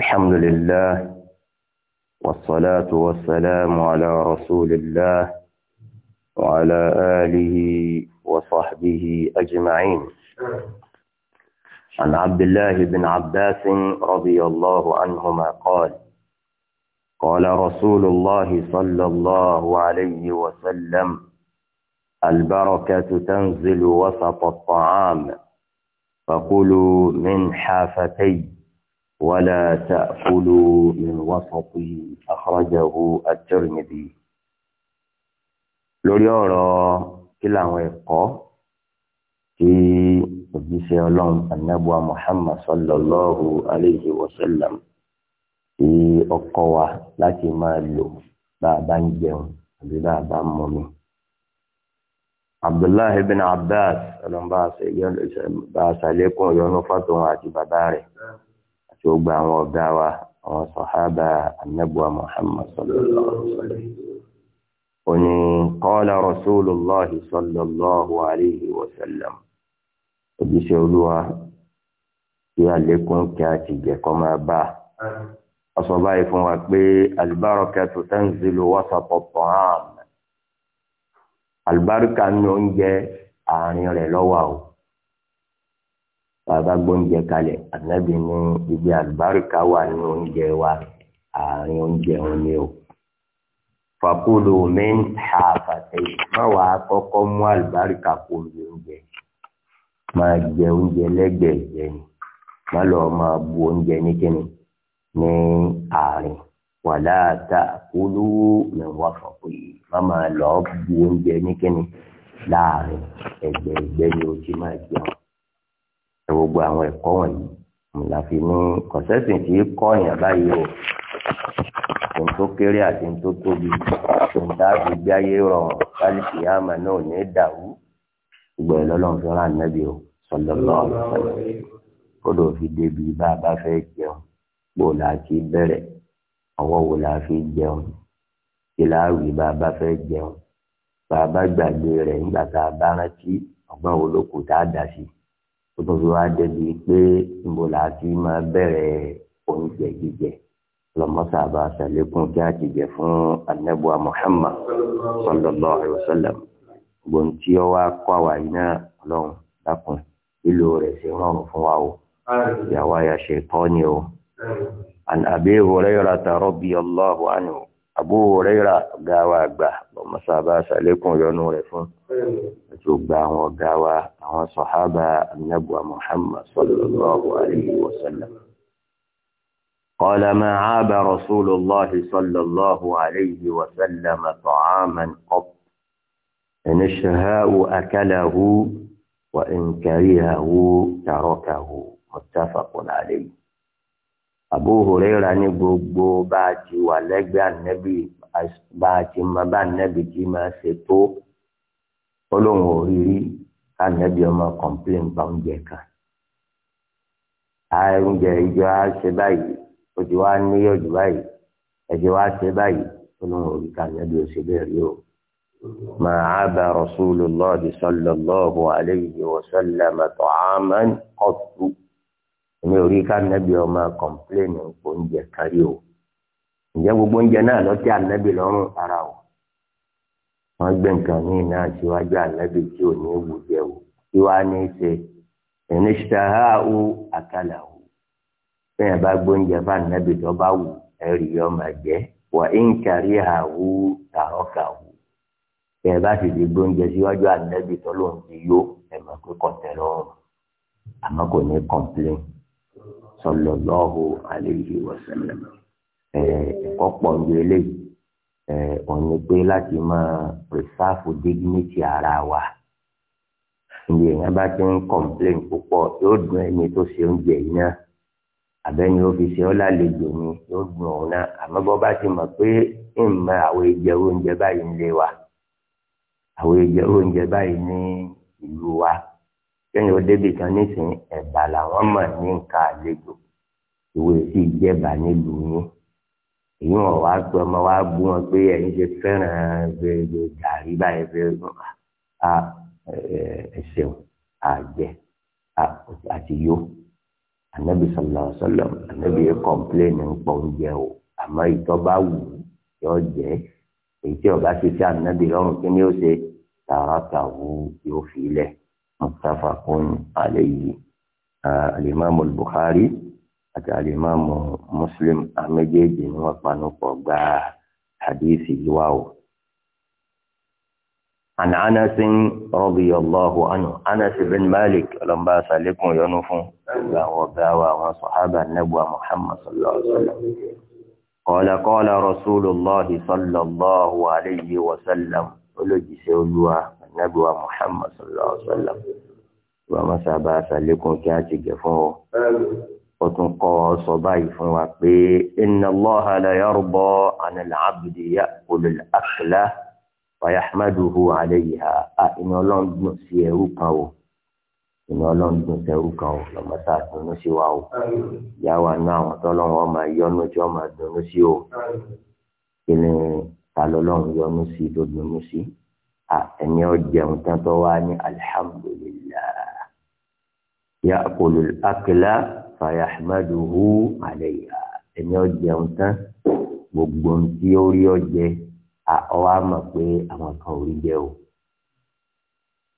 الحمد لله والصلاة والسلام على رسول الله وعلى آله وصحبه أجمعين عن عبد الله بن عباس رضي الله عنهما قال قال رسول الله صلى الله عليه وسلم البركة تنزل وسط الطعام فقلوا من حافتي ولا تأكلوا من وسط أخرجه الترمذي lórí ọ̀rọ̀ kí làwọn ẹ̀kọ́ tí òjíṣẹ́ ọlọ́run anábùa muhammad sallallahu alayhi wa sallam tí ọkọ wa láti máa lò bá a bá ń jẹun àbí bá a bá ń mọmi. abdullahi ibn abbas ọlọ́run bá a sàlékún ìyọnu fàtòun àti bàbá rẹ̀ àti gbogbo àwọn ọ̀gá wa àwọn sọ̀hábà anábùwà muhammad sallallahu alayhi wa sallam. ó ní qala rasulullahi sallallahu alayhi wa sallam. ojúṣe olúwa kí àlékún kí a ti jẹ kọ́ máa bá oúnjẹ àárín rẹ̀ lọ́wọ́ bàbá gbóúnjẹ kalẹ̀ ànábì ní ibi àlùbáríkà wà ní oúnjẹ wa àárín oúnjẹ òun ni o. fàkúlù min hàfàtẹ́ má wà á kọ́kọ́ mú àlùbáríkà kó lu oúnjẹ máa jẹ oúnjẹ lẹ́gbẹ̀ẹ́ jẹ ni má lọ́ọ́ máa bu oúnjẹ ní kíni ní àárín wàlá ta'kulu min wafaqi má máa lọ́ọ́ bu oúnjẹ ní kíni láàrin ẹgbẹ̀ẹ́gbẹ́ ni o ti máa jẹun ẹ gbogbo àwọn ẹ̀kọ́ wọ̀nyí la fi ní kọ̀sẹ́sìn tí kọ́ èèyàn báyìí o ohun tó kéré àti ohun tó tóbi ohun tá a fi gbé ayé rọrùn kálífì àmà náà ò ní dàrú ìgbà ẹ̀ lọ́lọ́run fi rán ànábì o sọlọ́lọ́ kódò fi débi bá a bá fẹ́ jẹun bó la ti bẹ̀rẹ̀ ọwọ́ wo la fi jẹun kí la wí bá a bá fẹ́ jẹun bá a bá gbàgbé rẹ̀ nígbà tá a bá rántí ọgbọ́n wo ló kù tá a dà sí i tó fi wá débi pé níbo la ti máa bẹ̀rẹ̀ oúnjẹ jíjẹ lọmọsàbà sàlékún kí á ti jẹ fún anábùa Muhammad sallallahu alaihi wasallam gbòǹtí ọwọ akọ àwà yìí náà dákun lílo rẹ̀ ṣe rọrùn fún wa o ìyàwó àyàṣe kọ́ ni o. عن أبي هريرة رضي الله عنه Abu Huraira ọ̀gá wa àgbà ọmọsáàbá ṣàlékún ìyọnu rẹ̀ fún àti ògbà àwọn ọ̀gá wa àwọn sọ̀hábà annabuwa Muhammad sallallahu alayhi wa sallam. قال ما عاب رسول الله صلى الله عليه وسلم طعاما قط إن الشهاء أكله وإن كرهه تركه متفق عليه Abu Huraira ní gbogbo bá a ti wà lẹ́gbẹ̀ẹ́ ànẹ́bí bá a ti máa bá ànẹ́bí tí máa ṣe tó ó lóun ò rí rí ànẹ́bí ọmọ complain bá oúnjẹ kan. oúnjẹ ìjọ á ṣe báyìí ó ti wá níyọ̀jú báyìí ẹ̀jẹ̀ wá ṣe báyìí ó lóun ò rí ká ànẹ́bí ó ṣe bẹ́ẹ̀ rí o. ما عاب رسول الله صلى الله عليه وسلم طعاما قط èmi ò rí ká nẹ́bí ọmọ kọ̀ǹpléènì oúnjẹ kárí o ǹjẹ́ gbogbo oúnjẹ náà lọ́tí ànẹ́bí lọ́rùn ara o wọ́n gbé nǹkan míì náà síwájú ànẹ́bí tí ò ní wù jẹ o tí wàá ní í ṣe ìníṣàhá o àkàlà o bẹ́ẹ̀ bá gbóúnjẹ bá ànẹ́bí tó bá wù ẹ̀rí ọmọ jẹ́ wà ń kárí àwù tàọ́kà o bẹ́ẹ̀ bá sì ti gbóúnjẹ síwájú ànẹ́bí tó lóun ti yó ẹ̀mọ́ pé kọ̀tẹ́ lọ́rùn àmọ́ kò ní kọ̀ǹpléènì sallallahu alayhi wa sallam ẹ̀kọ́ pọ̀ ju eléyìí ọ̀nì pé láti máa preserve dignity ara wa ìdí èèyàn bá ti ń complain púpọ̀ yóò dùn ẹni tó ṣe oúnjẹ yìí náà àbẹ́ni ó fi ṣe ọ́ lálejò ni yóò dùn òun náà àmọ́ bọ́ bá ti mọ̀ pé ìmọ̀ àwọn ìjẹ oúnjẹ báyìí ń lé wa àwọn ìjẹ oúnjẹ báyìí ní ìlú wa kéèyàn ó débì kan nísìnyí ẹ̀bà làwọn mọ̀ ní nǹkan àlejò ìwé sì jẹ́bà nílùú yín èyí wọn wá pé ọmọ wa bú wọn pé ẹ̀yin ṣe fẹ́ràn gbèrè gàrí báyìí fẹ́ a ẹ̀ṣẹ̀wò àjẹ́ àti yó ànábì sọlọ sọlọ ànábì yẹn kọ̀ǹpléènì ń pọ̀ oúnjẹ o àmọ́ ìtọ́ bá wù yọ jẹ́ èyí tí ọba ṣe sí ànábì lọ́rùn kí ni ó ṣe tààràtà wù yóò fi lẹ̀. متفق عليه آه الإمام البخاري أتى الإمام مسلم أحمد بن وطن حديث الواو عن أنس رضي الله عنه أنس بن مالك لما سالكم ينفو وباوى وصحابة النبوة محمد صلى الله عليه وسلم قال قال رسول الله صلى الله عليه وسلم olójìṣẹ́ olúwa ànábì wa Muhammad sallallahu alaihi wa sallam ìwà mọ́sá bá a ṣàlékún kí a ti gẹ̀ fún ọ. ó tún kọ́ ọ sọ báyìí fún wa pé inna Allaha la yarda an al-abdi ya'kulu al-akla wa yahmaduhu alayha à ìní ọlọ́run dùn sí ẹrú kan o ìní ọlọ́run dùn sí ẹrú kan o lọ́mọ́sá dùnú sí wa o ìyá wa náà àwọn tọ́lọ́run ọmọ ìyọnu tí wọ́n máa dùnú sí o kí ni ta lọ́lọ́run yọ́nú sí tó dùnú sí ẹni ọjẹun tán tó wá ní alihamudulilayi ya akulu akila fayahmaduhu aleya ẹni ọjẹun tán gbogbo ntí ó rí ọjẹ ọwọ àmọ́ pé àwọn kan ò rí jẹ o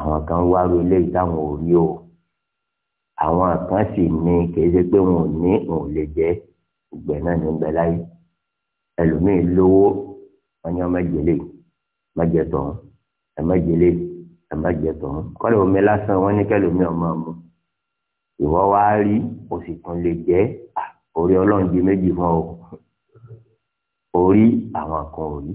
àwọn kan wá ro eléyìí táwọn ò rí o àwọn kan sì ní kìí ṣe pé wọn ò ní wọn ò lè jẹ ìgbẹ náà ní bẹ láyé ẹlòmíín lówó wọn ní ọmọ ẹjẹ lè má jẹ ẹ má jẹlé ẹ má jẹ tọ̀hún kọ́lé omi lásán wọn ní kẹlòmí ọmọ ọmọ ìwọ wá rí o sì tún lè jẹ orí ọlọ́run di méjì fún ọ orí àwọn kan ò rí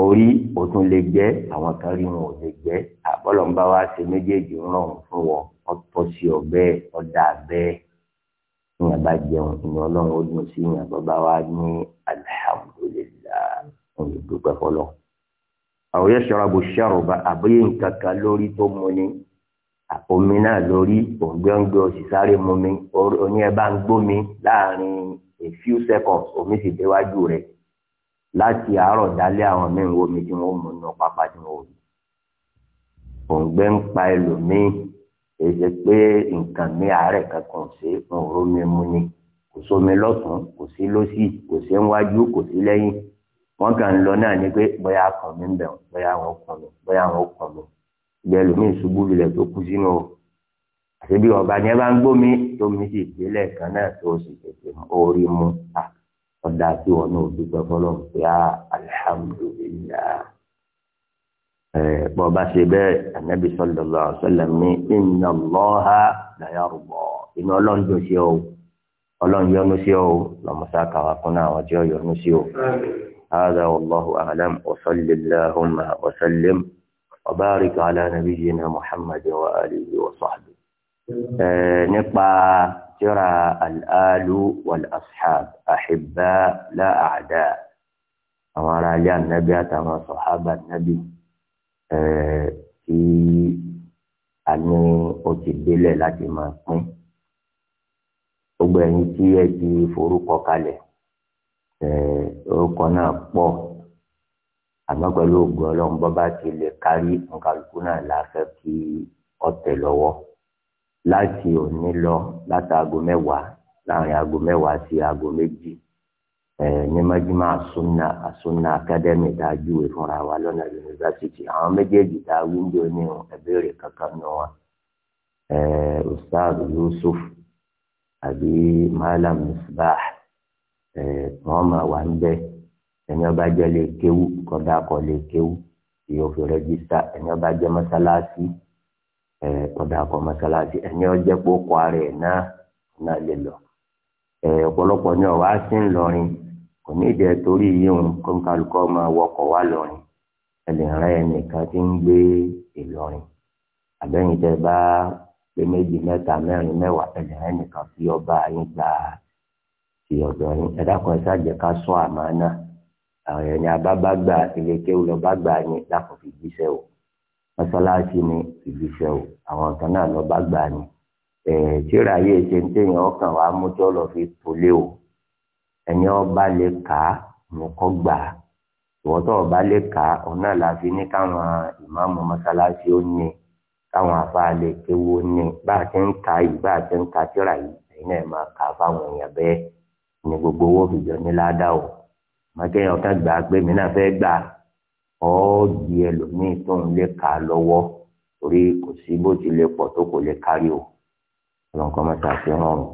orí o tún lè jẹ àwọn kan rí wọn ò lè jẹ àbọ̀lọ́mbà wa ṣe méjèèjì rọrùn fún wọn ọtọ sí ọ ọdà bẹ́ẹ̀ ìyẹn bá jẹun ìyẹn ọlọ́run ó dùn sí ìyẹn bàbá wa ní alihamudulilayi òun lè dúpẹ́ àwọn yẹ́sọ̀rọ̀ bò ṣàròbà àbóyè nǹkan kan lórí tó mu ni omi náà lórí òǹgbẹ́ǹgbẹ́ òsì sáré mu mi oní ẹ bá ń gbó láàrin a few seconds omi sì déwájú rẹ̀ láti àárọ̀ dálé àwọn mẹ́rin omi tí wọ́n mú nù pápá tí wọ́n wù òǹgbẹ́ ń pa ẹlòmíì èyí pé nǹkan mi àárẹ̀ kankan ṣe ń ró mi mu ni kò sómi lọ́tún kò sí lọ́sì kò sí níwájú kò sí lẹ́yìn wọ́n kàn lọ náà ni pé bóyá kàn mí bẹ̀ bóyá wọn kàn mí bóyá wọn kàn mí ìgbà ẹlòmíì ṣubú lulẹ̀ tó kú sínú o àti bí ọba ni ẹ bá ń gbómi tó mi sì délẹ̀ kan náà tó sì tètè orí mu à ọ̀dà tí wọn náà dúpẹ́ fọlọ́run pé á alihamudulilayi bọ́ọ̀bá ṣe bẹ́ẹ̀ ànábì sallallahu alaihi wasallam ní inna Allaha la yarda iná ọlọ́run yọ́nú sí ọ ọlọ́run yọ́nú sí ọ lọ́mọ́sá kàwá fún àwọn tí ó yọ́nú sí هذا والله أعلم وصل اللهم وسلم وبارك على نبينا محمد وآله وصحبه نقع ترى الآل والأصحاب أحباء لا أعداء أمر لي النبي أتمنى صحابة النبي في àní o ti délẹ̀ láti máa pín gbogbo ẹ̀yin orúkọ náà pọ̀ àmọ́ pẹ̀lú ògùn ọlọ́run bọ́ bá ti lè kárí nkàlùkù náà la fẹ́ kí ọ̀tẹ̀ lọ́wọ́ láti òní lọ látàgò mẹ́wàá láàrin aago mẹ́wàá sí aago méjì ní mọ́júmọ́ àsúná àsúná akadẹ́mì tá a júwe fúnra wa lọ́nà yunifásitì àwọn méjèèjì tá a wíńdò ní ẹ̀bẹ̀rẹ̀ kankan nù wọn ustaz Yusuf àbí malam Misbah wọ́n máa wà ń bẹ́ ẹni ọba jẹ́ lè kéwú kọ́dà kọ́ lè kéwú yóò fi rẹ́gísítà ẹni ọba jẹ́ mọ́sálásí kọ́dà kọ́ mọ́sálásí ẹni ọjẹ́ pópó ara ẹ̀ náà náà lè lọ. ọ̀pọ̀lọpọ̀ ni ọ̀wá sí ń lọrin kò ní ìdẹ torí yíyún kó ń kálukọ́ máa wọkọ̀ wá lọrin ẹlẹ́rìn ẹnìkan ti ń gbé Ìlọrin àbẹ́yìn tẹ bá pé méjì mẹ́ta mẹ́rin mẹ́wàá ẹlẹ́rìn ẹnìkan fi ọba yín gba ìyọ̀dọ̀ yín ẹ̀dá kan ẹ̀ sáàjẹ́ ká sún àmánà àwọn ẹ̀yìn abábágbà ilékéwù lọ bá gbà ní lápò fìdíṣẹ́ o mọ́sálásí ni fìdíṣẹ́ o àwọn kan náà lọ bá gbà ní tíra yìí ṣe ń téèyàn ọkàn wàá mú tí ó lọ fi tolé o ẹni ọba lè kà á nìkan gbà á ìwọ́tọ̀ ọba lè kà á òun náà la fi ní káwọn ìmáàmù mọ́sálásí ó ní káwọn àfáà kéwu ó ní bá a ti ń ka yìí bá a ti ń ka tíra yìí ẹ̀yin náà máa kà á fáwọn èèyàn bẹ́ẹ̀ ní gbogbo owó fi jọ ní ládàá o mọ̀kẹ́ ọ̀tá gbà pé mi náà fẹ́ gbà ọ́ di ẹlòmíì tó ń lè kà lọ́wọ́ torí kò sí bó ti lè pọ̀ tó kò lè kárí o ọlọ́nkọ́ mọ́ta fi hàn ọ́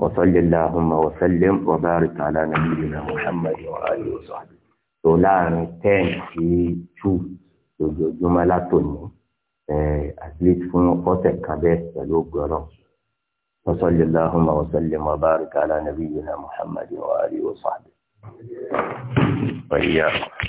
wọ́sọ̀lélàhùnmá wọ́sọ̀lém ọ̀bárìkà lánà nílùú muhammadu ali ọ̀sọ̀lẹ̀ tó láàrin ten sí two lójoojúmọ́ látòní ẹ̀ eh, at least fún ọ̀sẹ̀ kan bẹ́ẹ̀ pẹ̀lú ògbọ́rọ̀. وصل اللهم وسلم وبارك على نبينا محمد وآله وصحبه وإياكم